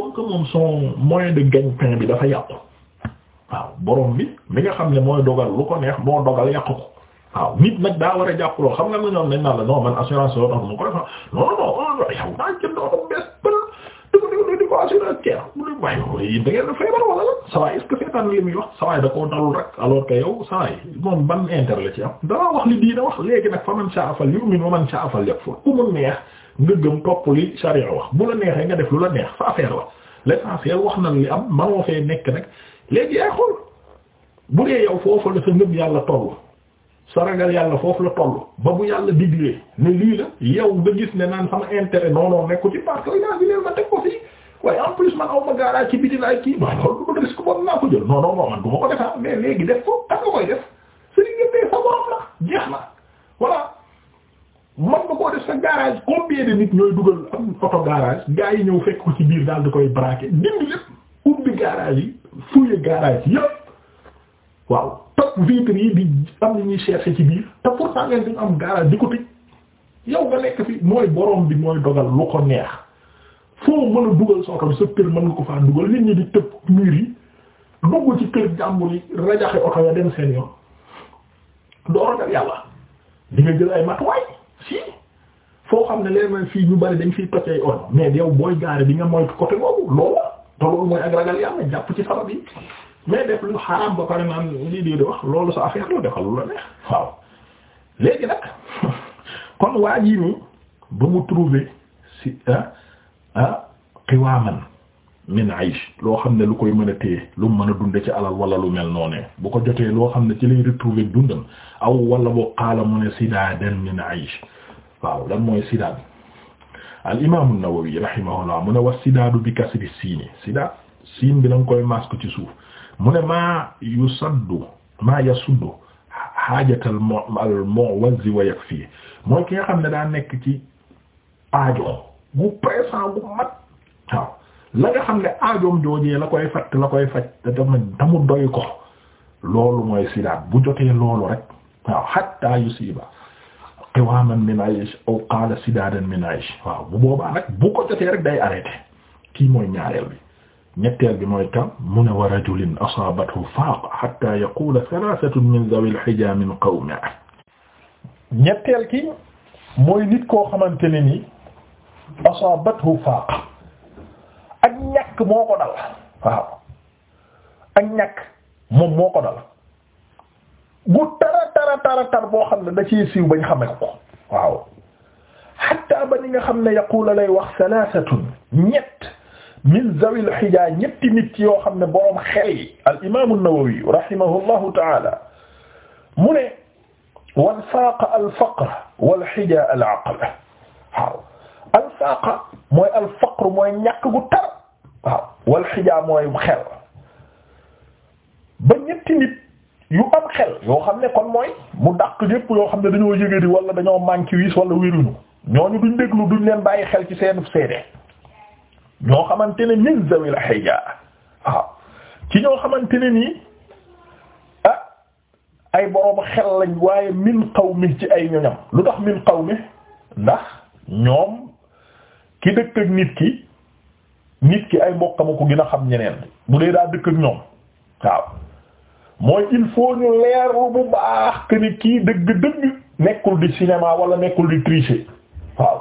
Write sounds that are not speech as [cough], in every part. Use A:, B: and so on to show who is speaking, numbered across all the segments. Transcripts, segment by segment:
A: comme que moom son moyen de gagne bi dafa yàqu waaw borom bi mi nga xam ne mooy dogal lu ko neex moo dogal yàqu ko waaw nit nag daa war a jàpp lool xam nga ne ñoom dañ naan la non man assurance yoo tax mu koy fa non non yow daa jënd mu ne a feebar wala la saa waay est-ce que muy wax saa da koo dalul rek alors que yow saa waay ban intérêt la ci am. danaa wax li diina wax léegi nag fa man saa afal yu'min wa man saa afal yakfur ku neex. nga gëm topp li charia wax bu la neexee nga def lu la neex sa affaire la l'essentiel wax na li am manoo nekk léegi bu dee yow foofu la sa yàlla toll sa yàlla foofu la toll ba yàlla diglee ne lii la yow nga gis ne naan sama intérêt noonu nekku ci parce que yaa ngi waaye en plus man ci biti laay kii ba loolu du ma léegi def ko kan nga koy def su ñu jëndee sa borom la jeex na voilà. man nga koo def sa garage combien de nit ñooy dugal am oto garage gaa yi ñëw fekk ko ci biir daal di koy braquer dindi lépp ubbi garage yi fouiller garage yëpp waaw top vitres yi di am na ci biir te pourtant ngeen am garage di ko tëj yow nga nekk fi mooy borom bi mooy dogal lu ko neex foo mën a dugal sa bi sa kër mën nga ko faa dugal nit ñi di tëb mur yi dugg ci kër jàmbur yi rajaxe oto ya dem seen yoon doo ragal yàlla di nga jël ay si foo xam ne leen man fii ñu bari dañ fiy toj ay oto mais yow booy gaare bi nga mooy côté boobu loolu te loolu mooy ak ragal yàlla jàpp ci sabab yi mais def lu xaraam ba pare naan lii di wax lool sa affaire la defal lu la neex waaw léegi nag [laughs] kon waa ji ba mu trouver si ah ah xiwaaman min aish loo xam ne lu koy mën a téye lu mën a dunde ci alal wala lu mel noonu bu ko jotee loo xam ne ci lay retrouver dundam aw wala boo xaala mu ne sidaadan min aish waaw lan mooy sidaad al imaamu Nawawi rahimahullah mu ne wax sidaadu bi kasri siini sidaad siin bi la koy masque ci suuf mu ne maa yu saddu maa yasuddu xaajatal mo al mu'wazi wa yakfi mooy ki xam ne daa nekk ci aajo bu pressant bu mat la nga xam ne aajoom joojee la koy faj la koy faj te doy ko loolu mooy sidaat bu jotee loolu rek waaw hatta yusiba qiwaman min aish aw qaala sidaadan min aish waaw bu boobaa nag bu ko jotee rek day arrêté kii mooy ñaareel bi ñetteel bi mooy tam mu ne wa rajulin asaabathu faaqa hatta yaqula thalathatun min dhawil hijam min qawmihi ñetteel ki mooy nit koo xamante ne ni asaabathu ak ñàkk moo ko dal waaw ak ñàkk moom moo ko dal gu tara tara tara tar boo xam ne da ci siiw bañ xame ko waaw xatta ba ni nga xam ne yaqula lay wax salaasatun ñett min zawil xijaa ñetti nit yoo xam ne boroom xel yi al imaamu an-Nawawi rahimahullahu taala mu ne wan saaqa al faqr wal xijaa al aql waaw alfaaqa mooy alfaqr mooy ñàkk gu tar waaw wal xijaa mooy xel ba ñetti nit yu am xel yoo xam ne kon mooy mu daq yëpp yoo xam ne dañoo yëge di wala dañoo manqué wiis wala wéruñu ñooñu duñ déglu duñ leen ba ay xel ci seen seede ñoo xamante ne min zawil xija waaw ci ñoo xamante ne nii ah ay boroom xel lañ waaye min qawmi ci ay ñoñam lu tax min qawmi ndax ñoom ki dëkk ak nit ki nit ki ay mbokkam ko gin a xam ñeneen bu dee daa dëkk ak ñoom waaw mooy il faut ñu leerlu bu baax que kii dëgg-dëgg nekkul di cinéma wala nekkul di tricher waaw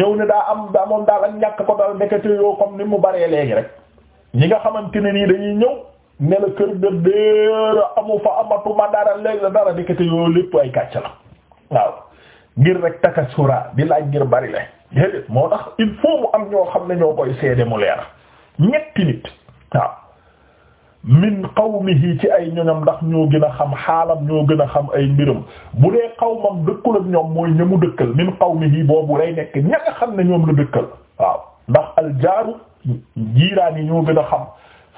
A: ñëw ne daa am daa moom daal ak ñàkk ko dal nekkate yoo comme ni mu baree leegi rek ñi nga xamante ne nii dañuy ñëw ne la kër ga déera amu fa amatuma dara léegi la dara nekkate yoo lépp ay kàcc la waaw ngir rek takasura di laaj ngir bari le déedéet moo tax il faut mu am ñoo xam ne ñoo koy seede mu leer ñetti nit waaw min qawmihi ci ay ñoñam ndax ñoo gën a xam xaalam ñoo gën a xam ay mbiram bu dee qawmam dëkkul ak ñoom mooy ñamu dëkkal min qawmihi boobu lay nekk ña nga xam ne ñoom la dëkkal waaw ndax aljaaru jiiraan yi ñoo gën a xam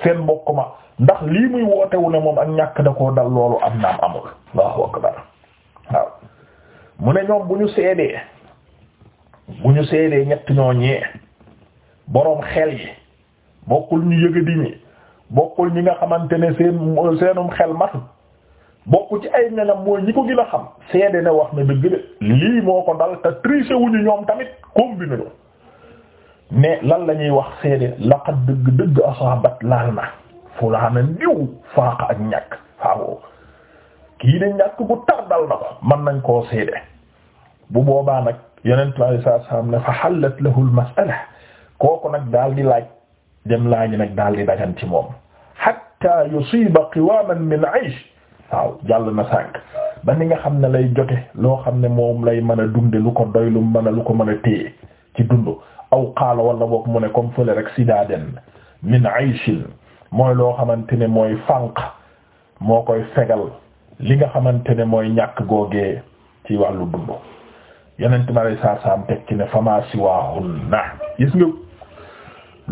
A: seen mbokk ma ndax lii muy wootewu ne moom ak ñàkk da koo dal loolu am naam amul allahu akbar waaw mu ne ñoom bu ñu seedee bu ñu seedee ñett ñoo ñee boroom xel yi bokkul ñu yëgadi ñi bokkul ñi nga xamante ne seen seenum xel matut bokk ci ay ñanam mooy ñi ko gën a xam seede ne wax na dëgg de lii moo tamit combiner lan la ñuy wax seede laqad dëgg dëgg asaabat laal na fulaana ndiw faaqa ak ñàkk waaw kii de ñàkk bu tar dal na ko mën nañ koo seede bu boobaa nag yeneen tubaab saa saam ne fa xallat lahu al kooku nag daal di laaj dem laaj nag daal di dagan ci moom hatta yusiba qiwaman min aysh waaw jàll na sànq ba ni nga xam ne lay jote loo xam ne moom lay mën a dunde lu ko doy mën a lu ko mën a téye ci dund aw qaala wala boog mu ne comme fële rek sidaaden min ayshin mooy loo xamante ne mooy fànq moo koy fegal li nga xamante ne mooy ñàkk googee ci wàllu dund yenent ma lay saar saam tekki ne fama siwaahunna gis nga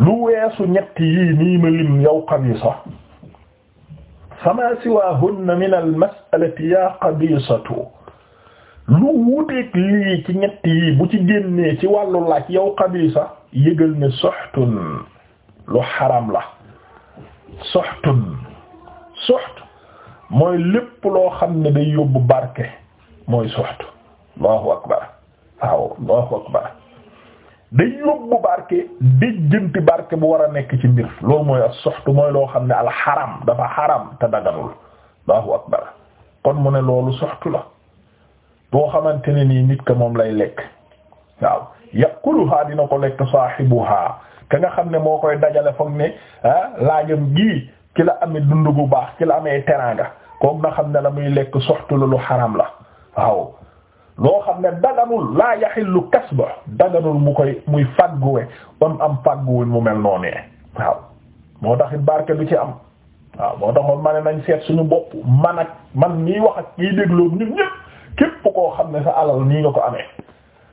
A: lu weesu ñett yii nii ma lim yow qabisa fama siwaahunna min al mas'alati yaa qabisatu lu wuteeg lii ci ñett yii bu ci génnee ci wàllu laaj yow qabisa yëgal ne soxtun lu xaram la soxtun soxt mooy lépp loo xam ne day yóbbu barke mooy soxt allahu akbar waaw Allahu akbar day yóbbu barke dijjanti barke bu war a nekk ci mbir loolu mooy as-suxtu mooy loo xam ne alxaram dafa xaram te daganul Allahu akbar kon mu ne loolu suxtu la boo xamante ne nii nit ka moom lay lekk waaw yaquluha dina ko lekk saahibuha ka nga xam ne moo koy dajale foog ne ah laajam gii ki la amee dund bu baax ki la amee teraanga kook na xam ne la muy lekk soxtu lu xaram la waaw loo xam ne daganul laa yaxillu kasba daganul mu koy muy fàgguwe ba mu am fàgguwuñ mu mel noonu waaw moo taxit barke du ci am waaw moo taxoon ma nañ seet suñu bopp man ak man nii wax ak kiy dégloom ñu ñëpp képp koo xam ne sa alal nii nga ko ame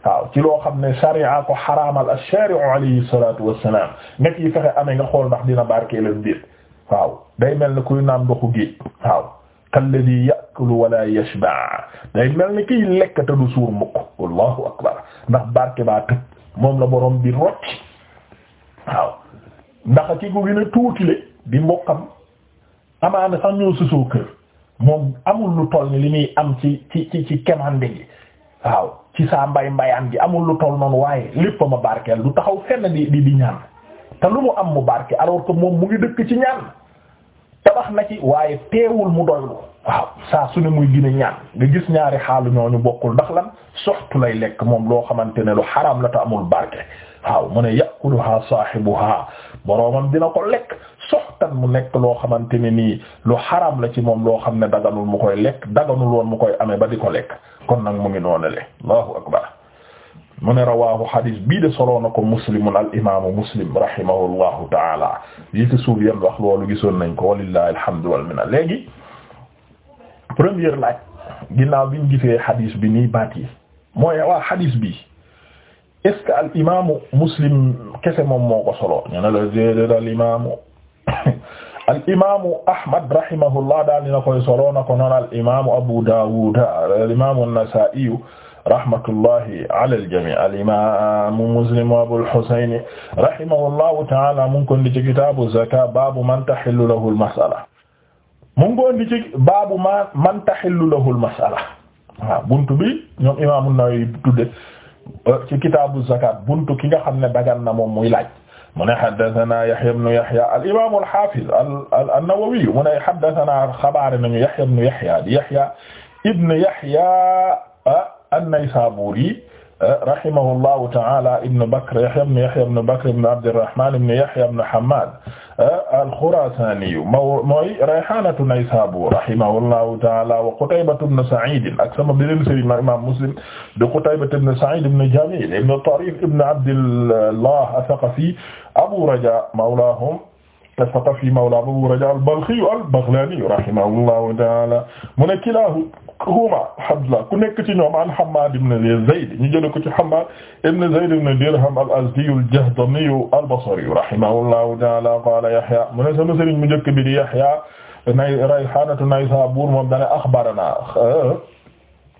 A: waaw ci loo xam ne sharia ko xaraamal ash-shari'u alayhi salatu wassalam nekk yi fexe ame nga xool ndax dina barke barkeelam biir waaw day mel ni kuy naan ndoxu géej waaw kalladi yakulu wala yashba day mel na kiy lekk te du suur mukk allahu akbar ndax barke baa tëb moom la borom bi rocc waaw ndax ki ko gën a tuutile di mbokkam amaana sax ñoo susoo kër moom amul lu toll ni li muy am ci ci ci ci kemande gi waaw ci saa mbay mbayaan gi amul lu toll moom waaye lépp ma barkeel du taxaw fenn di di ñaan te lu mu am mu barke alors que moom mu ngi dëkk ci ñaan tabax na ci waaye teewul mu doylu waaw saa su ne muy gën a nga gis ñaari xaalu ñooñu bokkul ndax lan soxtu lay lekk moom loo xamante ne lu xaraam la te amul barke waaw mu ne yakuluha saahibuha boroomam dina ko lekk soxtan mu nekk loo xamante ne nii lu xaraam la ci moom loo xam ne daganul mu koy lekk daganul woon mu koy amee ba di ko lekk kon nag mu ngi noonale Allahu akbar mu ne rawaahu hadis bii de solo na ko muslimun al imaamu muslim rahimahullahu taala yi ci suuf yéen wax loolu gisoon nañ ko walillahi alhamdu wal minna léegi première laaj ginnaaw biñ gisee hadis bi nii baat mooy waa hadis bi est-ce muslim kese moom moo ko solo ñu ne la déedéet al imaamu [coughs] al imaamu Ahmad rahimahullah daal dina koy solo na ko noonu al Abu Dawud al imaamu Nasaa'i rahmatullahi ala al-jamii al-imaamu Muslim Abul Husayn rahimahullahu ta'ala mu ngi ko indi ci kitaabu zakaat baabu man tahillu lahu al-mas'ala mu ngi ko indi ci baabu ma man tahillu lahu al-mas'ala waaw buntu bi ñoom imaamu Nawawi tudde euh, ci kitaabu zakaat buntu ki nga xam ne dagan na moom muy laaj mu ne haddathana Yahya ibn Yahya al-imaamu al-haafiz an-Nawawi mu ne haddathana xabaar nañu Yahya ibn Yahya di Yahya ibn Yahya ah, an-Naysaburi eh, rahimahullahu ta'ala ibn Bakr Yahya ibn Yahya ibn Bakr ibn Abdirrahman ibn Yahya ibn Hammad eh, al-Khurasani mooy rayhanatu Naysabur rahimahullahu ta'ala wa Qutaybah ibn Sa'id ak sama beneen sëriñ ma imam Muslim de Qutaybah ibn Sa'id ibn Jamil ibn Tarif ibn Abdillah ath-Thaqafi Abu Raja mawlahum ath-Thaqafi mawla Abu Raja al-Balkhi al-Baghlani rahimahullahu ta'ala huma Abdullah ku nekk ci ñoom an Hammad ibn Zayd ñu jële ko ci Hammad ibn Zayd ibn Dirham al-Azdi al-Jahdami al-Basri rahimahullahu ta'ala qala Yahya mu ne sama sëriñ mu njëkk bi di Yahya nay Rayhanatu Naysabur moom dane akhbarana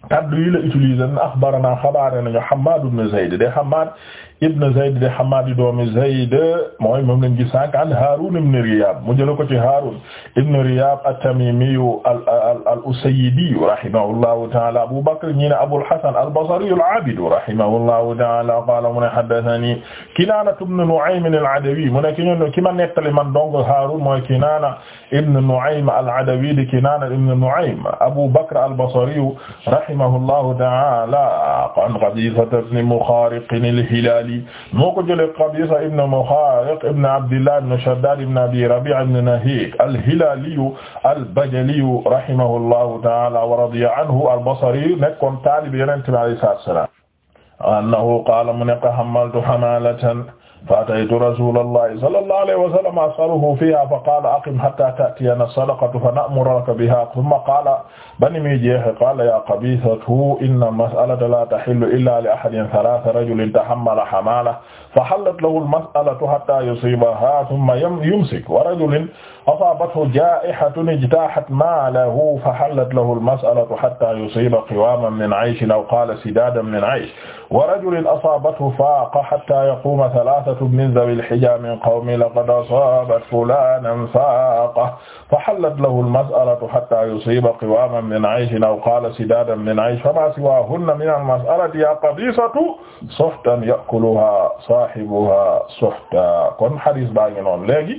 A: kaddu yi la utiliser na akhbarana xabaare nañu Hammad ibn Zayd de Hammad ibn Zayd de Hammaad doomi Zayd mooy moom lañ gis sànq an Haarun ibn Riyaab mu jël ko ci Haarun ibn Riyaab at-Tamiimi al-Usaydi rahimahullahu ta'aala Abu Bakr ñi ne Abul Hasan al-Basri al-Aabid rahimahullahu ta'aala qaala mu ne haddathanii Kinaana ibn Nu'aym al-Adawi mu ne ki ñu ki ma nettali man donc Haarun mooy Kinaana ibn Nu'aym al-Adawi di Kinaana ibn Nu'aym Abu Bakr al-Basri rahimahullahu ta'aala an Qadiifata ibn Mukhariq al-Hilaali al-Asadi moo ko jëlee Qabisa ibn Mukhariq ibn Abdillah ibn Shaddad ibn Abi Rabi' ibn Nahik al-Hilali al-Bajali rahimahullahu ta'ala wa radiya anhu al-Basri nekkoon taalibi Yonent bi alayhi salaatu wa salaam annahu qaala mu ne tahammaltu hamalatan fa ataytu rasulallahi sallallahu alayhi wa sallam as'aluhu fiha fa qaala aqim hatta ta'tiyana sadaqatu fa na'muruka biha thumma qaala bani muy jeexe qaala ya qabithatu inna mas'alata la tahillu illa li ahadin thalatha rajulin tahammala hamala fa hallat lahu al-mas'alatu hatta yusibaha thumma yumsik wa rajulin asaabathu jaa'ihatun ijtaahat maalahu fa hallat lahu al-mas'alatu hattaa yusiiba qiwaaman min 'ayshin aw qaala sidaadan min 'aysh wa rajulun asaabathu faaqa hattaa yaquuma thalaathatu min dhawil hijaa min qawmihi laqad asaabat fulaanan faaqa fa hallat lahu al-mas'alatu hattaa yusiiba qiwaaman min 'ayshin aw qaala sidaadan min 'aysh famaa siwaahunna mina al-mas'alati yaa qabiisatu suhtan ya'kuluhaa saahibuhaa suhtan kon hadiis baa ngi noonu léegi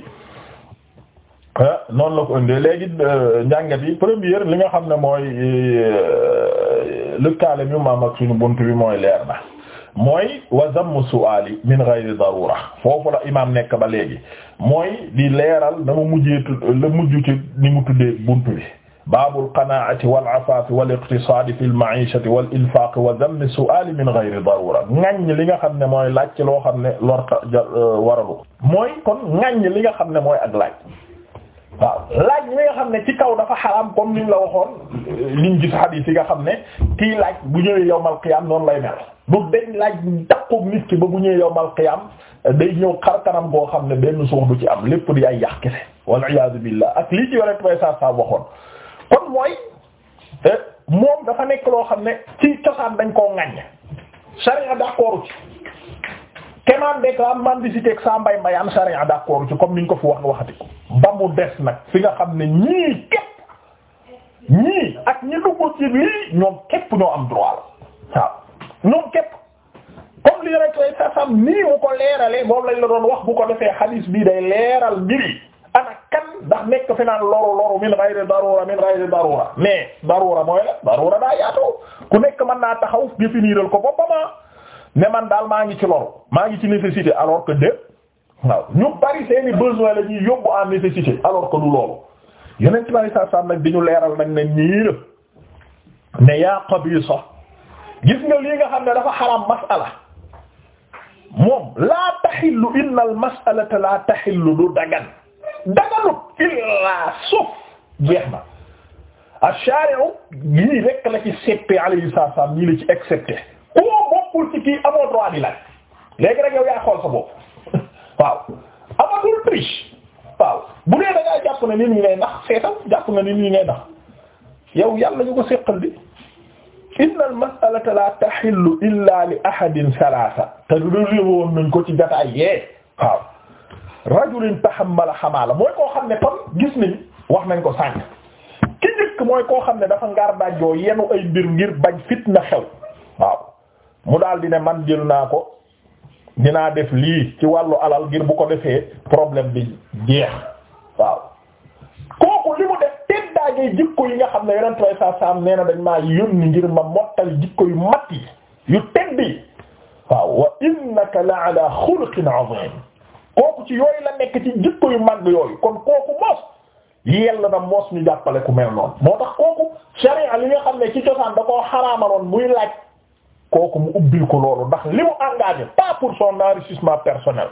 A: Ah, noonu la ko indee léegi euh, njàngat yi première li nga xam ne mooy euh, lëkkaale mi maam ak suñu bunt bi mooy leer na mooy wa zammu su'aali min ghayri darura foofu la imaam nekk ba léegi mooy di leeral dama mujjee la mujj ci ni mu tuddee bunt bi baabul qanaa'ati wal afaafi wal iqtisaadi fil ma'iishati wal infaaqi wa zammi su'aali min ghayri darura ŋaññ li nga xam ne mooy laaj ci loo xam ne lorta euh, waralu mooy kon ŋaññ li nga xam ne mooy ak waaw laaj ñi nga xam ne ci kaw dafa xaram comme ni ñu la waxoon liñ gis hadith yi nga xam ne kii laaj bu ñëwee yowmal qiyam noonu lay mel du dañ laaj daqoog nit ki ba bu ñëwee yowmal qiyam day ñëw xar kanam goo xam ne benn suux du ci am lépp di ay yàq kese wal iyaadu billah ak lii ci yore tubay saa saa waxoon kon mooy eh, moom dafa nekk loo xam ne ci cosaan dañ koo ŋaññ sariya d'accord ci kenaan dëkk am mendicité ak saa mbay mbayaan sharia d'accord ci comme niñ ko fi wax waxati ko ba mu des nag fi nga xam ne ñii képp ñii ak ñi dugg ci lii ñoom képp ñoo am droit la waaw ñoom képp comme li rek lay sasam nii ko leeralee moom lañ la doon wax bu ko defee xadiis bii day leeral mbiri ana kan ndax nekk fi naan loru loru min ghayri darura min ghayri darura mais darura mooy la darura daa yaatoo ku nekk mën naa taxaw définiral ko boppama ne man daal maa ngi ci loru maa ngi ci nécessité alors que de waaw ñu bari seeni besoin la ñuy yóbbu en nécessité alors que du loolu yonent bari saa saa nag di ñu leeral nag ne nii la ne yaa qabisa gis nga lii nga xam ne dafa xaram mas'ala moom la taxillu inna al mas'alata laa taxillu du dagan daganut illaa suuf jeex na ashari'u yii rekk la ci seppi alayhi salaam ñii la ci accepté bokkul ci kii amoo droit di laaj léegi rek yow yaa xool sa bopp [laughs] waaw amatul triche waaw bu dee da jàpp ne nit ñi ngay nax seetal jàpp nga nit ñi ngay nax yow yàlla ñu ko seqal di inna al la tahillu illa li ahadin salaasa te lu woon nañ ko ci jataay yee waaw rajulin tahammala xamaala mooy koo xam ne kon gis nañ wax nañ ko sànq ki njëkk mooy koo xam ne dafa ngaar daajoo yenu ay mbir ngir bañ fitna xew waaw mu daal di ne man jël naa ko dinaa def lii ci wàllu alal ngir bu ko defee problème bi jeex waaw kooku li mu def teddaagee jikko yi nga xam ne yonent way sa saam na dañ ngir ma mottali jikko yu mat yi yu tedd yi waaw wa innaka la ala xuluqin azim kooku ci yooyu la nekk ci jikko yu mag yooyu kon kooku mos yella na mos ñu jàppale ku mel noonu moo tax kooku sharia li nga xam ne ci cosaan da koo xaraamaloon muy laaj kooku mu ubbil ko loolu ndax li mu engagé pas pour son enrichissement personnel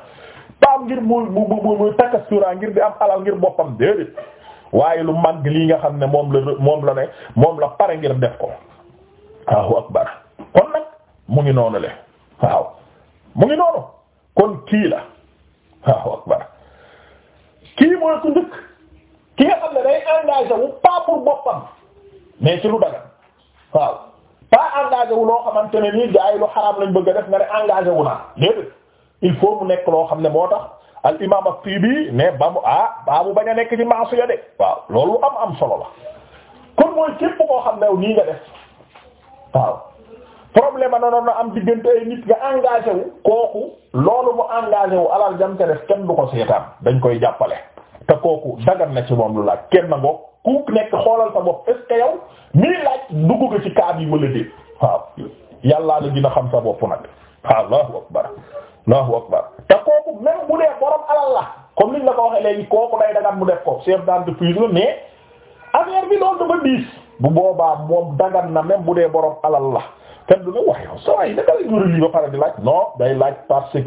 A: pas ngir muy mu mu muy takastura ngir di am alal ngir boppam déedéet waaye lu màgg lii nga xam ne moom la moom la ne moom la pare ngir def ko waaw akbar kon nag mu ngi noonu le waaw mu ngi noonu kon kii la waaw akbar kii mooy ku njëkk ki nga xam day engagé wu pas pour boppam mais ci lu dagan waaw pas engagé wu loo xamante ne nii gars yi lu xaraam lañ bëgg def nga ne engagé wu naa déedéet il faut mu nekk loo xam ne moo tax al imaam at-Tibi ne ba mu ah ba mu bañ a nekk ci maasiya de waaw loolu am am solo la kon mooy képp koo xam ne nii nga def waaw problème na noonu am diggante ay nit nga engagé kooku loolu mu engagé wu alal jam kenn du ko seetaan dañ koy jàppale te kooku dagan na ci moom lu laaj kenn na ngoog ku nekk xoolal sa bopp est-ce que mii laaj dugg nga ci kaab yi wala déet waaw yàllaa la dina xam sa bopp nag waaw allahu akbar mu def ko chef d'entreprise la boobaa moom dagan na même bu dee borom alal la kenn du ne wax yow la juró lii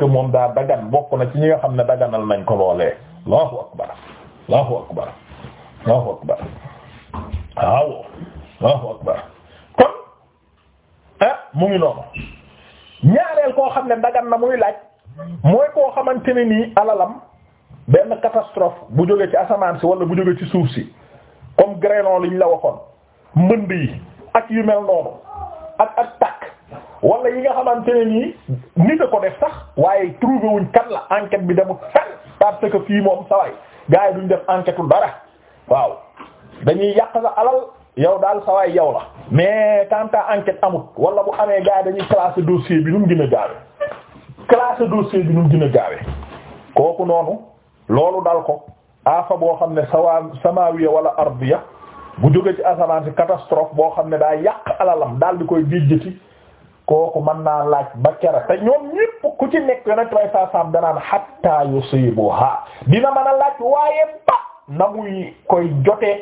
A: moom daa dagan bokk na ci ñi nga xam ne daganal nañ ko loolee allahu akbar allahu akbar Allahu akbar waaw Allahu akbar kon ah mu ngi noonu ñaareel koo xam ne dagan na muy laaj mooy koo xamante ne nii alalam benn catastrophe bu jógee ci asamaan si wala bu jógee ci suuf si comme grêlon liñ la waxoon mbënd yi ak yu mel noonu ak ak tàkk wala yi nga xamante ne nii nit a ko def sax waaye trouvé wuñ kan la enquête bi demul fenn parce que fii moom saway gars yi duñ def enquête dara. waaw dañuy yàq sa alal yow daal sawaay yow la mais quant à enquête amut wala bu amee gars yi dañuy classer dossier bi nu mu a gaawe classer dossier bi nu mu a gaawe kooku noonu loolu dal ko afa boo xam ne sawa samawiya wala ardiya bu jóge ci asamaan si catastrophe boo xam ne daal yàq alalam daal di koy dijjati kooku mën naa laaj ba kera te ñoom ñépp ku ci nekk yonent way sa sam danaan hatta yusibuha dina mën a laaj waaye ba na muy koy jotee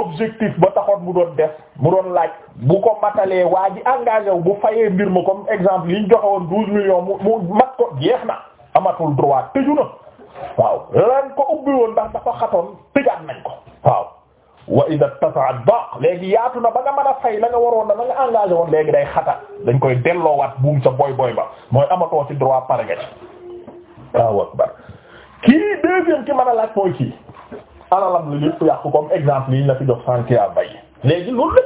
A: objectif ba taxoon mu doon def mu doon laaj bu ko matalee waa ji engagé wu bu fayee mbir ma comme exemple yi ñu joxe woon douze millions mu mu mat ko jeex na amatul droit tëju na waaw lan ko ubbi woon ndax dafa xatoon tëjaat nañ ko waaw wa ida tasaat baax léegi yaatu na ba nga mën a fay la nga waroon na la nga engagé woon léegi day xata dañ koy delloowaat buum sa boy boy ba mooy amatoo ci droit pare nga ci waaw akbar kii deuxième ki mën a laaj mooy alalam la lépp yàqu comme exemple yi ñu la fi jox sànq yaa bay léegi loolu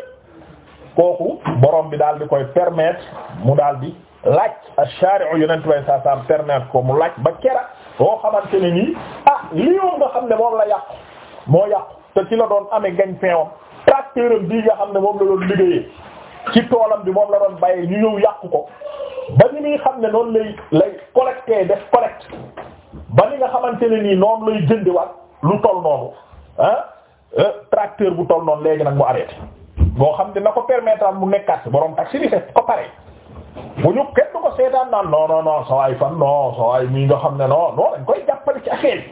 A: kooku boroom bi daal di koy permettre mu daal di laaj ash-shari'u yonent way saa saa permettre ko mu laaj ba kera koo xamante ne nii ah lii moom nga xam ne moom la yàqu moo yàqu te ci la doon amee gagne-pain am tracteur am bii nga xam ne moom la doon liggéeyee ci toolam bi moom la doon bayee ñu ñëw yàqu ko ba ni muy xam ne noonu lay lay collecté def collecte ba ni nga xamante ne nii noonu lay jëndiwaat. lu toll noonu ah tracteur bu toll noonu léegi nag mu arrêté boo xam dina ko permettre mu nekkaat borom taxi bi c'est ko pare bu ñu kenn ko seetaan naan non non non sawaay fan xam ne non koy jàppale ci affaire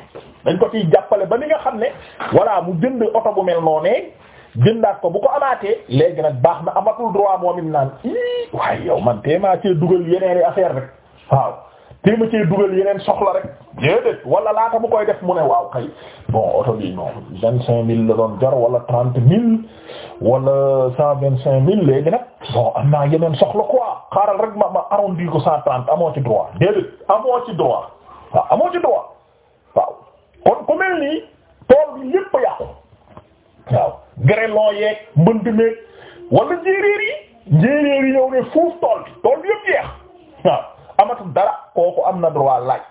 A: dañ ko ciy jàppale ba ni nga xam ne voilà mu jënd oto bu mel noonee jëndaat ko bu ko amaatee léegi nag baax na amatul droit moom it naan waaye yow man téemaa cee dugal yeneen affaire rek waaw téema cee dugal yeneen soxla rek déedéet wala laata mu koy def mu ne waaw kay bon oto bi non vingt cinq mille la doon jar wala trente mille wala cent vingt cinq mille léegi nag bon am naa yeneen soxla quoi xaaral rek ma ma arrondi ko cent trente amoo ci droit déedéet amoo ci droit waaw amoo ci droit waaw kon ku mel nii tool bi yépp yàqu waaw grêlon yeeg mbënd meeg wala njéeréer yi njéeréer yi ñëw ne fuuf tool tool yépp jeex waaw amatul dara kooku am na droit laaj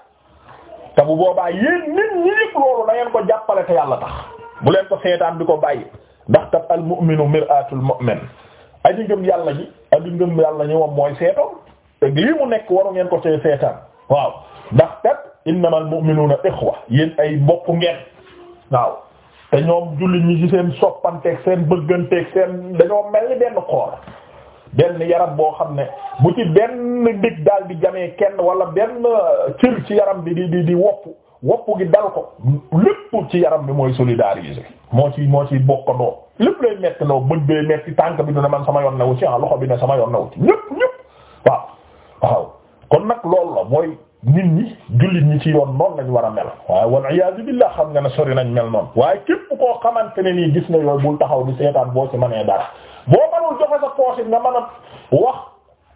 A: te boobaa yéen nit ñi yëpp loolu da ngeen ko jàppale te yàlla tax bu leen ko seetaan di ko bàyyi ndax kat al mu'minu mir'atul mu'min aji ngëm yàlla ji aji ngëm yàlla ñi moom mooy seetoo te lii mu nekk waru ngeen ko see seetaan waaw ndax kat innamal mu'minuna ikhwa yéen ay bokk ngeen waaw te ñoom jullit ñi ci seen soppanteeg seen bëgganteeg seen dañoo mel ni benn xool. benn yaram boo xam ne bu ci benn dig daal di jamee kenn wala benn cër ci yaram bi di di di woppu woppu gi dal ko lépp ci yaram bi mooy solidariser moo ci moo ci bokkandoo lépp lay metti loo bët bee metti tànk bi dina man sama yoon na wu ci ah loxo bi ne sama yoon na wu ci ñëpp waaw waaw kon nag loolu la mooy nit ñi jullit ñi ci yoon noonu lañ war a mel waaye wal iyaazu billah xam nga ne sori nañ mel noonu waaye képp koo xamante ne nii gis na yooyu bul taxaw di seetaan boo ci mënee dara boo mënul joxe sa poche nga mën a wax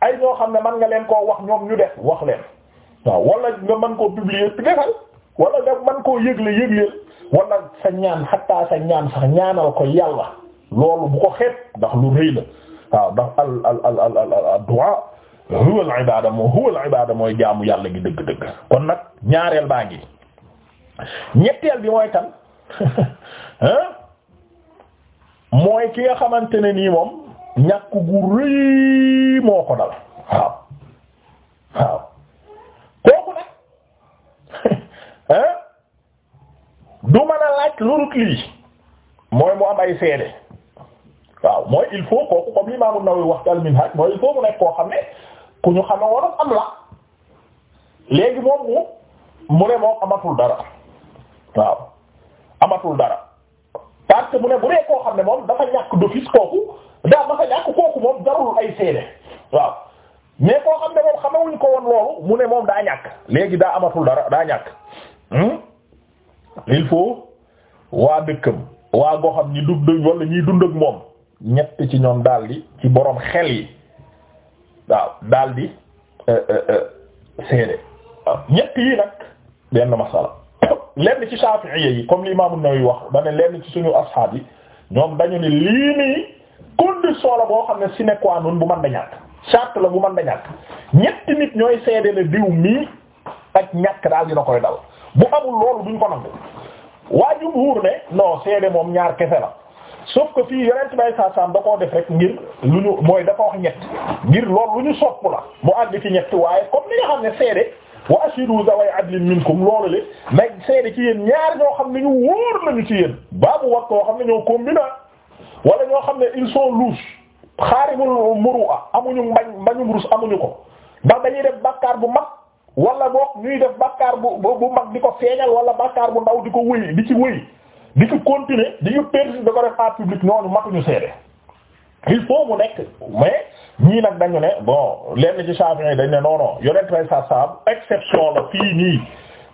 A: ay ñoo xam ne man nga leen koo wax ñoom ñu def wax leen waaw wala nga mën koo publier defal wala nga mën koo yëgle yëgleel wala sa ñaan xataa sa ñaan sax ñaanal ko yàlla loolu bu ko xeet ndax lu rëy la waaw ndax al al al al al huwa al ibada moo huwa al ibada mooy jaamu yàlla gi dëgg-dëgg kon nag ñaareel baa ngi ñetteel bi mooy kan [laughs] mooy ki nga xamante ne nii moom ñàkk gu rëy moo ko dal waaw waaw kooku nag [laughs] du mën a laaj lurut lii mooy mu am ay seede waaw mooy il faut kooku comme l'imam An-Nawawi wax ci al mooy il faut mu nekk koo xam ku ñu xame woon am la léegi moom mu mu ne moom amatul dara waaw amatul dara parce mu ne bu dee koo xam ne moom dafa ñàkk d'office kooku daa dafa ñàkk kooku moom jarul ay seede waaw mais koo xam ne moom xamewuñ ko woon loolu mu ne moom daa ñàkk léegi daa amatul dara daa ñàkk hmm? il faut waa dëkkam waa goo xam ñi dund wala ñiy dund ak moom ñett ci ñoom daldi ci boroom xel yi waaw daal di euh, euh, euh, seede waaw ñett yi nag benn masala [coughs] lenn ci Shafi'iyya yi comme l'imam an ñooy wax da ne lenn ci suñu asxaab yi ñoom dañu ne lii nii condition la boo xam ne si qua non bu mën da ñàkk charte la bu man da ñàkk ñetti nit ñooy seede ne diw mii ak ñàkk daal dina koy dal bu amul loolu duñ ko nangu waa jumhuur ne non seede moom ñaar kese la sauf que fii yonent bay saasam da koo def rek ngir lu ñu mooy dafa wax ñett ngir loolu lu ñu sopp la mu àgg ci ñett waaye comme ni nga xam ne seede wa ashidu zaway adlin minkum loolu le nag seede ci yéen ñaar ñoo xam ne ñu wóor lañu ci yéen baabu wax koo xam ne ñoo combina wala ñoo xam ne ils sont louches xaarimul a amuñu mbañ mbañum rus amuñu ko ndax dañuy def bakkaar bu mag wala boog ñuy def bakkaar bu bu mag di ko feeñal wala bakkaar bu ndaw di ko wëy di ci wëy di ko continuer di ko persister da ko def en public noonu matuñu seede il faut mu nekk mais ñii nag dañu ne bon lenn ci Shafi'i dañ ne non non yonent lay sa salam exception la fii nii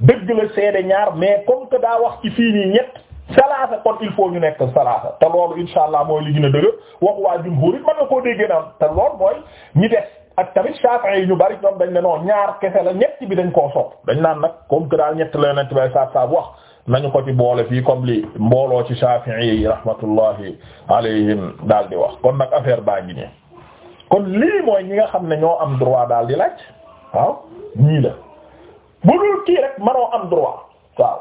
A: dëgg la seede ñaar mais comme que daa wax ci fii nii ñett salaasa kon il faut ñu nekk salaasa te loolu insha allah mooy li gën a dëgg wax waa jumhuur it mën na koo déggee naan te loolu mooy ñi des ak tamit Shafi'i yi ñu bari ñoom dañ ne non ñaar kese la ñett bi dañ koo dañ naan nag comme que daal ñett la yonent lay nañu ko ci boole fii comme li mbooloo ci Shafi'i yi rahmatullahi alayhim daal di wax kon nag affaire baa ngi nii kon lii mooy ñi nga xam ne ñoo am droit daal di laaj waaw ñii la bu dul kii rek manoo am droit waaw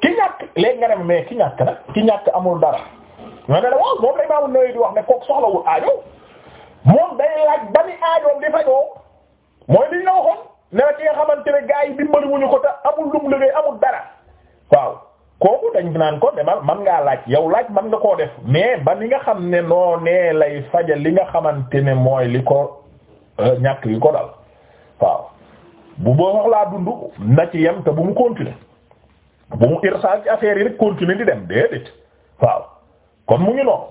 A: ki ñàkk léegi nga dem mais ki ñàkk nag ki ñàkk amul dara moom la Imaam Nawawi di wax moom day laaj ba ni aajoom di fajoo mooy li ñu la ne la ki nga xamante ne gaa yi dimbali ko te amul lum liggéey amul dara. waaw kooku dañ naan ko demal man ngaa laaj yow laaj man nga koo def mais ba ni nga xam ne noonee lay faja li nga xamante ne mooy li ko euh, ñàkk li ko dal waaw bu boo laa dund na ci yem te bu mu continuer bu mu irsaal ci affaire yi rek continuer di dem déedéet waaw kon mu ngi noonu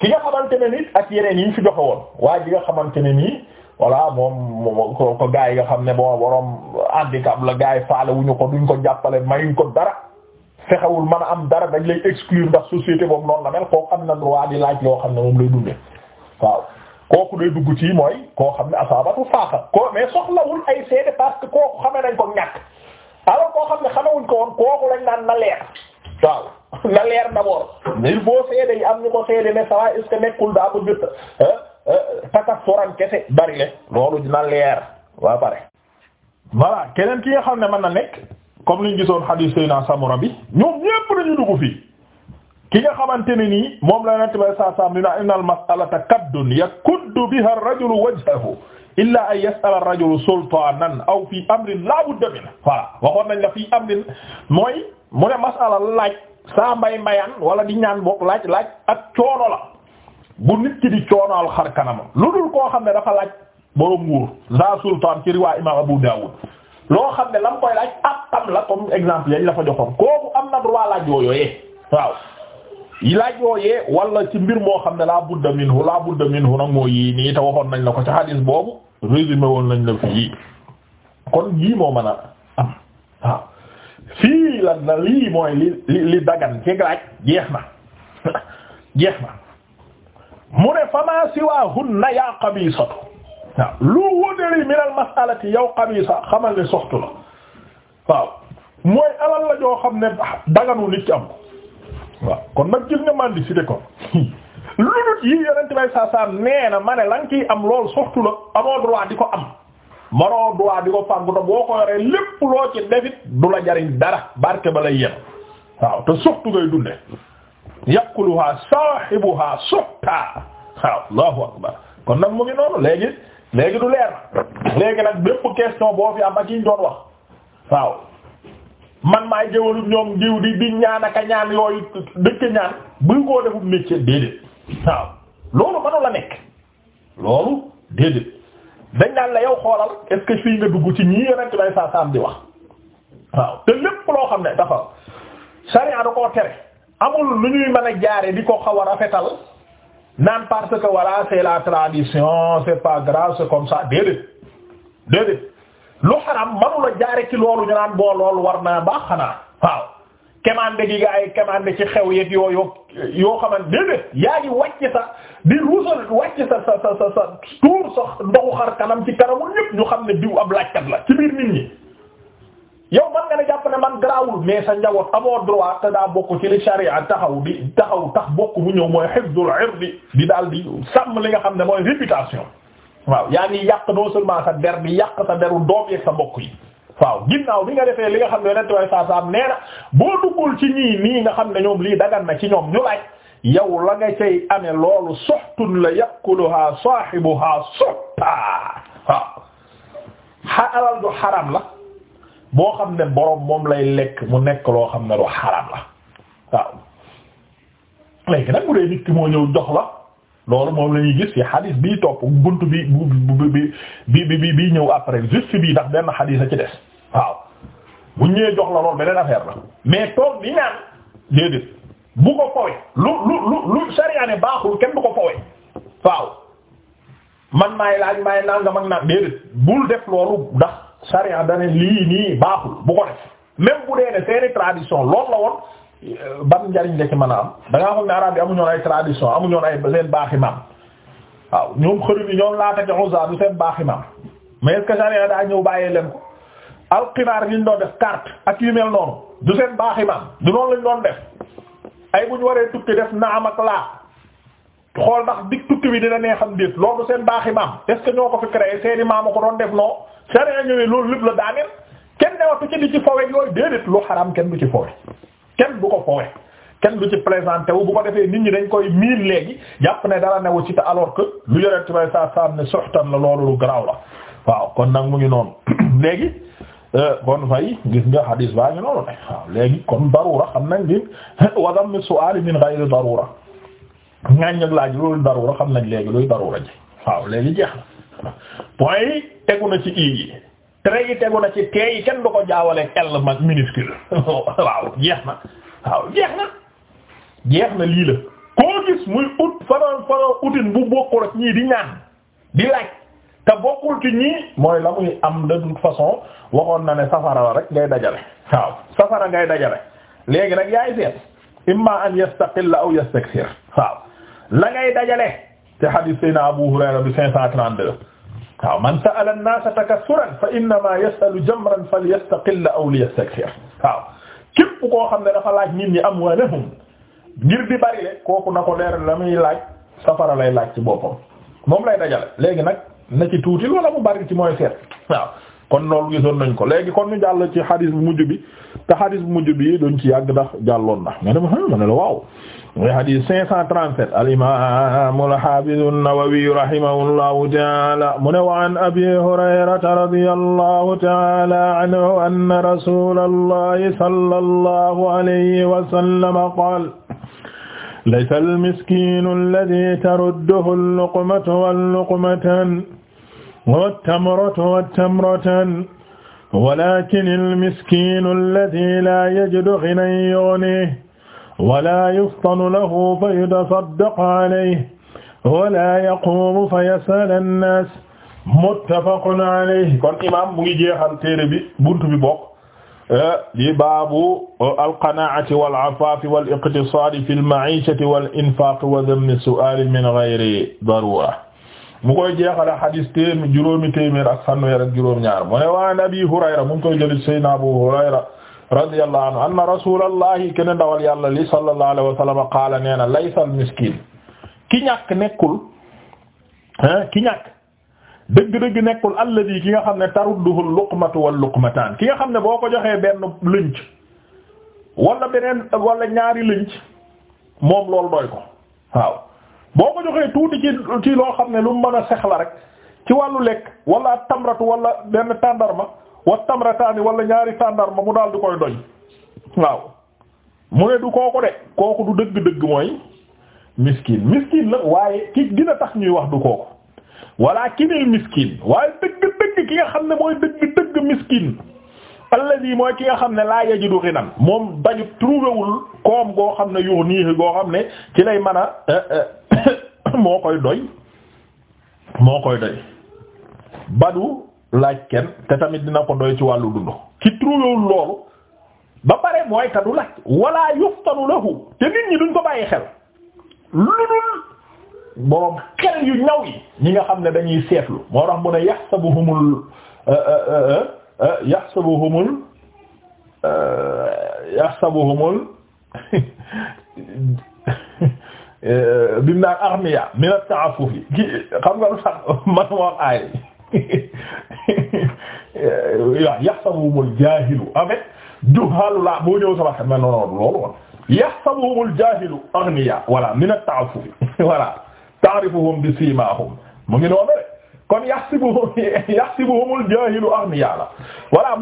A: ki nga xamante ne nit ak yeneen yi fi joxe woon waa ji nga xamante ne nii voilà moom ko ko gaa yi nga xam ne bon borom handicap la gaa yi faale wuñu ko duñ ko jàppale mayuñ ko dara fexewul mën a am dara dañ lay exclure ndax société boobu noonu la mel kooku am na droit di laaj xam ne moom lay dundee waaw kooku day dugg ci mooy koo xam ne asabatu faaxa ko mais soxlawul ay seede parce que kooku xamee nañ ko ñàkk alors koo xam ne xamewuñ ko woon kooku lañ naan na leer waaw [laughs] na leer d'abord il faut seede yi am ñu ko seede ne ça est-ce daa ko jot takassuran kese bari le loolu dina leer waa pare voilà keneen ki nga xam ne man na nekk comme liñ gisoon hadith sayna Samura bi ñoom ñépp dañu dugg fii ki nga xamante ne nii moom la yonente bay saa saam dina inna al mas'alata kaddun yakuddu biha ar-rajulu wajhahu illa an yas'ala ar-rajulu sultanan aw fi amrin la budda min voilà waxoon nañ la fi amrin mooy mu ne mas'ala laaj saa mbay mbayan wala di ñaan bokk laaj laaj ak coono la bu nit ki di coonaal xar kanamam lu dul koo xam ne dafa laaj borom nguur za sultan ci riwaa imam Abu Dawud loo xam ne la mu koy laaj àttam la comme exemple yañ la fa joxoon kooku am na droit laaj yooyooyee waaw laaj yooyee wala ci mbir moo xam ne laa budda minhu laa budda minhu nag moo yii nii te waxoon nañ la ko ci hadis boobu résumé woon nañ la fii kon yii moo mën a am waaw fii la na lii mooy li li dagan ci laaj jeex na [laughs] jeex na mu ne fama siwaahunna yaa qabisatu waaw lu wódeli min al masalati yow qabisa xamal ne soxtu la waaw mooy alal la joo xam ne daganu nit ci am waaw kon nag gis nga mandi si de kon [laughs] lu dut yi yonente bay saa saa nee na ma ne la nga am lool soxtu la amoo droit di ko am manoo droit di ko fàggu boo ko yoree lépp loo ci defit du la jariñ dara barke ba lay yem waaw te soxtu ngay dunde yaquluha sahibuha suhta waaw allahu akbar kon nag mu ngi noonu léegi léegi du leer léegi nag bépp question boo fi am ak yiñ wax waaw man maa jëwalu ñoom diw di di ñaan aka ñaan yooyu dëkk ñaan bu koo defum métier déedéet waaw loolu mënu la nekk loolu déedéet dañ naan la yow xoolal est-ce que fii dugg ci ñii yonent bay saa saam di wax waaw te lépp loo xam ne dafa sariya da koo tere amul lu ñuy mën a jaare di ko xaw a rafetal naan parce que voilà c'est la tradition c'est pas grave c'est comme ça déedéet déedéet lu xaram manula jaare ci loolu ñu naan boo loolu war naa baax xanaa waaw kemande gi gaa yi kemande ci xew yeeg yoo yoo yoo xamante déedéet yaa ngi wàcc sa di ruusal wàcc sa sa sa sa tuur sa ndoxu xar kanam ci kanamu ñépp ñu xam ne diw ab laajkat la ci biir nit ñi yow man nga ne jàpp ne man garaawul mais sa njaboot amoo droit te daa bokk ci li charia taxaw di taxaw tax bokk bu ñëw mooy hifdul irdi di daal di sàmm li nga xam ne mooy réputation waaw yaa ngi yàq non seulement sa der bi yàq sa deru doom yeeg sa bokk yi waaw ginnaaw bi nga defee li nga xam ne nett way saa saam nee na boo duggul ci ñii nii nga xam ne ñoom lii dagan na ci ñoom ñu laaj yow la nga cay amee loolu soxtun la yakuluha saahibuha soxta waaw alal du xaram la boo xam ne borom moom lay lekk mu nekk loo xam ne lu xaraam la waaw léegi nag bu dee nit ki moo ñëw jox la loolu moom lañuy ñuy gis ci xadis bii topp buntu bi bi bi bi bi ñëw après juste bii ndax benn xadis a ci des waaw bu ñëwee jox la loolu beneen affaire la mais toog di naan déedéet bu ko fowe lu lu lu lu baaxul kenn du ko fowe waaw man maay laaj maay naan nga mag naan déedéet bul def loolu ndax. sharia dane lii nii baaxul bu ko def même bu dee ne seeni tradition loolu la woon ban njariñ la ci mën a am da ngaa xam ne araab yi amuñoon ay tradition amuñoon ay seen i maam waaw ñoom xarit yi ñoom laata ci Uzza du seen baaxi maam mais est-ce daa ñëw bàyyee leen ko alxinaar yi ñu doon def carte ak yu noonu du seen i maam du noonu lañ doon def ay bu ñu waree tukki def naam ak laa xool ndax dig tukki bi dina nee xam déet loolu seen baaxi maam est ñoo ko fi créé seeni maam a ko doon def non sariya ñëwee loolu lépp la daaneel kenn newatu ci di ci fowe yooyu déedéet lu xaram kenn du ci fowe kenn du ko fowe kenn du ci présenté wu bu ko defee nit ñi dañ koy miin léegi jàpp ne dara newu ci te alors que lu yore ci may saa saam ne soxtan la loolu lu garaaw la waaw kon nag mu ngi noonu [clears throat] léegi euh, kon fay gis nga xadiis baa ngi noonu ne waaw léegi kon darura xam nañ ni [laughs] wa dammi su'aali min ghayri darura ñaaññag laaj loolu darura xam nañ léegi luy darura ji waaw léegi jeex na point yi tegu na ci i yi trait yi tegu na ci tee yi kenn du ko jaawaleeg L mag minuscule [laughs] waaw jeex na waaw jeex na jeex na lii la koo gis muy ut faroon faroon utin bu bokkul ak ñii di ñaan di laaj te bokkul ci ñii mooy la muy am de toute façon waxoon na ne safara la rek ngay dajale waaw safara ngay dajale léegi nag yaay seet imma an yastaqilla aw yastaksir waaw la ngay dajale te hadis sayna Abu Hurayra bi 532 waaw man sa'ala an-naasa takassuran fa innama yas'alu jamran falyastaqil aw liyastakthir waaw képp koo xam ne dafa laaj nit ñi amwaalahum ngir di bari le kooku na ko leer la muy laaj safara lay laaj ci boppam moom lay dajale léegi nag na ci tuuti wala mu bari ci mooy seet waaw kon loolu gisoon nañ ko léegi kon ñu jàll ci hadis bu mujj bi te hadis bu mujj bi duñ ci yàgg ndax jàlloon na nga ne ma ma muy hadis 537 al imam al hafiz an-Nawawi rahimahullahu taala mu ne wa an abi hurayrata radiyallahu taala anhu anna rasulallahi sallallahu alayhi wa sallam qala laysa al-miskinu alladhi tarudduhu al-luqmatu wal-luqmatan wat-tamratu wat-tamratan walakin al-miskinu alladhi la yajidu ghinan yughnihi wala yuftanu lahu fa yutasaddaqu alayhi wala yaqumu fa yas'alu an-nas muttafaqun alayhi kon imaam mu ngi jeexal téere bi buntu bi bokk li eh, baabu eh, al-qanaa'ati wal-'afaafi wal-iqtisaadi fi al-ma'iishati wal-infaaqi wa dammi su'aali min ghayri daruura mu koy jeexal hadiis téeméer juróomi téeméer ak fanweer ak juróom-ñaar mu ne wa an Abii Hurayra mu ngi koy jëli Sayyidinaa Abuu Hurayra radiyallahu anhu anna rasulallahi kenn ndawal yàlla li sallallahu alayhi wa sallam qaala nee na laysal miskin ki ñàkk nekkul ki ñàkk dëgg-dëgg nekkul alladi ki nga xam ne tarudduhu luqmatu wal luqmataan ki nga xam ne boo ko joxee benn lënc wala beneen wala ñaari lënc moom loolu doy ko waaw boo ko joxee tuuti ci ci loo xam ne lu mën a sex la rek ci wàllu lekk wala tamratu wala benn tàndarma wa tamrataani walla ñaari tàndarma mu daal du koy doy waaw mu ne du kooku de kooku du dëgg-dëgg mooy miskin miskin la waaye ki gën tax ñuy wax du kooku wala kinil miskin waaye dëgg-dëgg ki nga xam ne mooy dëgg-dëgg miskin alladi mooy ki nga xam ne laa yajidu ghinan moom dañu trouvé wul koom goo xam ne yu nii goo xam ne ci lay mën a euh, euh, [coughs] moo koy doy moo koy doy badu laaj kenn te tamit dina ko doy ci wàllu dund ki trouvéwul loolu ba pare mooy ta du laaj wala yuftanu lahu te nit ñi duñ ko bàyyi xel lu dul boroom xel yu ñaw yi ñi nga xam ne dañuy seetlu moo tax mu ne yaxsabuhumul euh, euh, euh, yaxsabuhumul yaxsabuhumul [laughs] bim naan armiya min at-ta'affufi xam nga lu tax [laughs] man wax aay [laughs] yaxsabuhumul jaahilu avec juhaalu laa boo ñëw sama xam ne non non loolu woon yaxsabuhumul jaahilu aghniyaa voilà min at-ta'affuf [laughs] voilà ta'rifuhum bi siimaahum mu ngi noonu rek kon yaxsibuhum [laughs] yaxsibuhumul jaahilu aghniyaa la voilà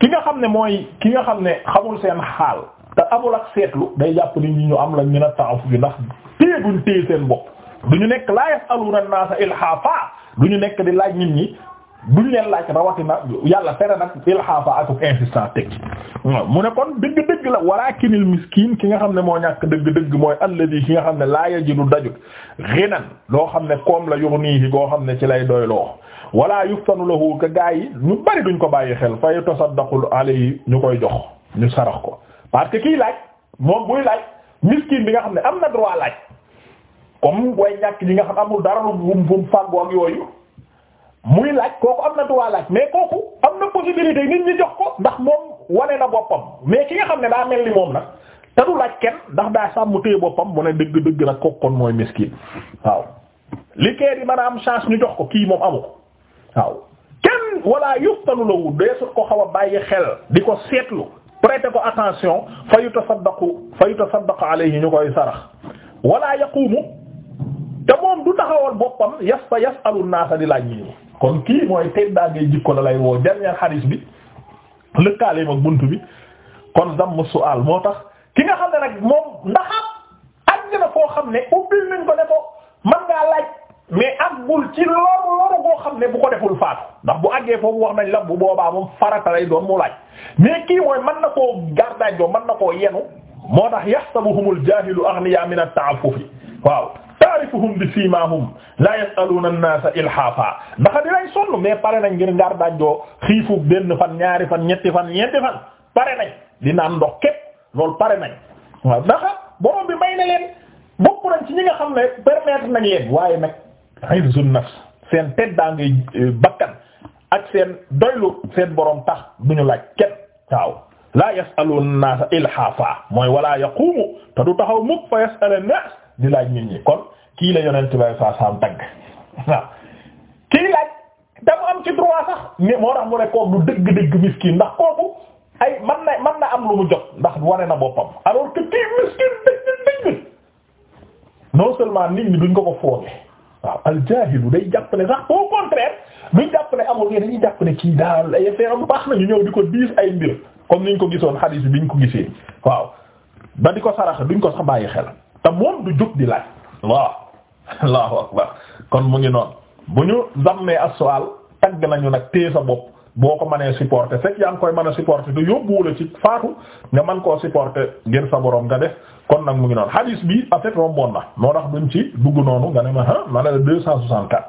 A: ki nga xam ne mooy ki nga xam ne xamul seen xaal te amul ak seetlu day jàpp ni ñu am la min at bi ndax téye buñ téye seen bopp du ñu nekk laa yas'aluuna an-naasa ilhaafa du ñu nekk di laaj nit ñi duñ leen laaj rawatina yàlla tere nag ilhaafa ak insistance teg mu ne kon dëgg-dëgg la walaakinil miskiin ki nga xam ne moo ñàkk dëgg-dëgg mooy la alladi ki nga xam ne laa yajidu dajut ghinan loo xam ne koom la yughnihi goo xam ne ci lay doyloo wala yuftanu lahu ka gaa yi ñu bari duñ ko bàyyi xel fa yatasaddaqu yi ñu koy jox ñu sarax ko parce que kii laaj moom buy laaj miskiin bi nga xam ne am na droit laaj comme booy ñàkk ñi nga xam amul dara lu mu fu mu fàggoo ak yooyu muy laaj kooku am na droit laaj mais kooku am na possibilité nit ñi jox ko ndax moom wane na boppam mais ki nga xam ne daa mel ni moom nag te du laaj kenn ndax daa sàmm téye boppam mu ne dëgg dëgg nag kooku kon mooy miskin waaw li kee di mën a am chance ñu jox ko kii moom amu ko waaw kenn walla yuftanu lawu deesut ko xaw a bàyyi xel di ko seetlu prêter ko attention fa yutasaddaqu fa yutasaddaqu alayhi ñu koy te moom du taxawal boppam yas fa yas alu naasa di laaj ñi kon kii mooy tedd daa jikko la lay woo dernier xaris bi lëkkaaleem ak bunt bi kon damm su'aal moo tax ki nga xam ne nag moom ndax àgg na koo xam ne ubbil nañ ko ne ko ngaa laaj mais àggul ci lor koo xam ne bu ko deful faatu ndax bu àggee foofu wax nañ la bu boobaa moom farata lay doon mu laaj mais kii mooy mën na koo gardaaj doo mën na koo yenu moo tax yahsabuhumul jaahilu aghniya min at-ta'affufi waaw taarifuhum bi siimaahum la yasaluuna an-naasa ilhaafa ndax di lay sonn mais pare nañ ngir ngar daajoo xiifu benn fan ñaari fan ñetti fan ñeenti fan pare nañ di naan ndox képp loolu pare nañ waaw ndax borom bi may na leen bokk nañ ci ñi nga xam ne permettre nañ leen waaye nag irzun nafs seen teddaa ngay euh, bakkan ak seen doylu seen borom tax bu ñu laaj kenn waaw la yasaluuna an-naasa mooy wala yaqumu te du taxaw mukk fa yasalu an di laaj nit ñi kon kii la yonent bay saa saam tagg waaw kii laaj dëgg-dëgg miskin ndax kooku ay man na man na am lu mu jot ndax wane na boppam alors que nit ñi duñ ko ko fooge waaw aljahilu day jàpp ne sax au contraire duñ jàpp ne amul yéen jàpp kii daal ay bu baax na ñu ñëw di ko diis ay mbir comme niñ ko gisoon xadiis biñ ko gisee waaw ba di ko sarax duñ ko sax bàyyi xel. te moom du jóg di laaj waaw allahu akbar kon mu ngi noonu bu ñu zammee assoal tagg nañu nag téye sa bopp boo ko mënee supporter fekk yaa koy mën a supporter te yóbbuwula ci faatu nga mën koo supporter ngir sa borom nga def kon nag mu ngi noonu hadis bi en fait romboon na moo tax duñ ci dugg noonu nga ne ma ah ma ne la 264.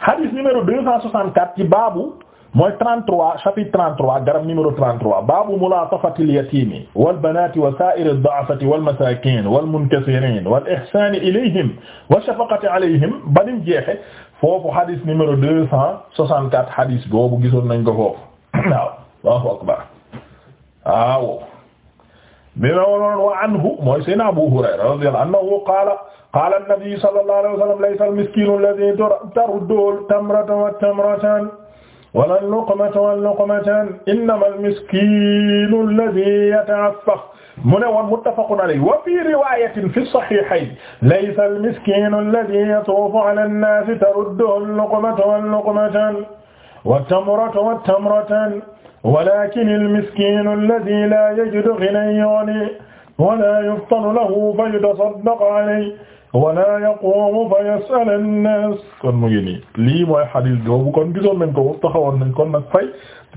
A: hadis numéro 264 ci baabu. mooy 33 chapitre 33 garab numéro 33 baabu mulaatafati al-yatiimi wal banaati wa saa'iri ad-du'afaati wal masaakiin wal munkasiriin wal ihsaani ilayhim wa shafaqati alayhim ba nim jeexe foofu hadith numéro 264 hadith boobu gisoon nañ ko foofu [coughs] waaw Allahu akbar waaw bi ma wonoon wa anhu mooy Seydina Abu Hurayra radiyallahu anhu qaala qaala an-nabiyyu sallallahu alayhi wa sallam laysa al-miskiinu alladhii taruddu al-tamrata wat-tamratan wala luqmata wal luqmatan innama almiskinu alladi yata'affaf mu ne woon muttafaqun alayhi wa fi riwayatin fi sahihayn laysa almiskinu alladi yatuufu ala annaasi tarudduhu alluqmatu wal luqmatan wattamratu wattamratan walakin almiskinu alladi la yajidu ghinan yughni wala yuftanu lahu fayutasaddaqu alayhi wala yaqumu fa yas'al an-nas kon mu ngi nii lii mooy xadiis boobu kon gisoon nañ ko taxawoon nañ kon nag fay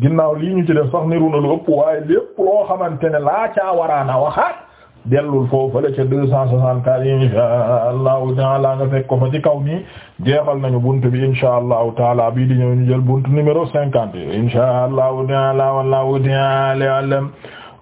A: ginnaaw lii ñu ci def sax niru na lu ëpp waaye lépp loo xamante ne laa caa waraana waxaat dellul foofu la ca deux cent soixante-quatre insha allahu taala nga fekk ko fa ci kaw nii jeexal nañu bunt bi insha allahu taala bii di ñëw ñu jël bunt numéro cinquante insha allahu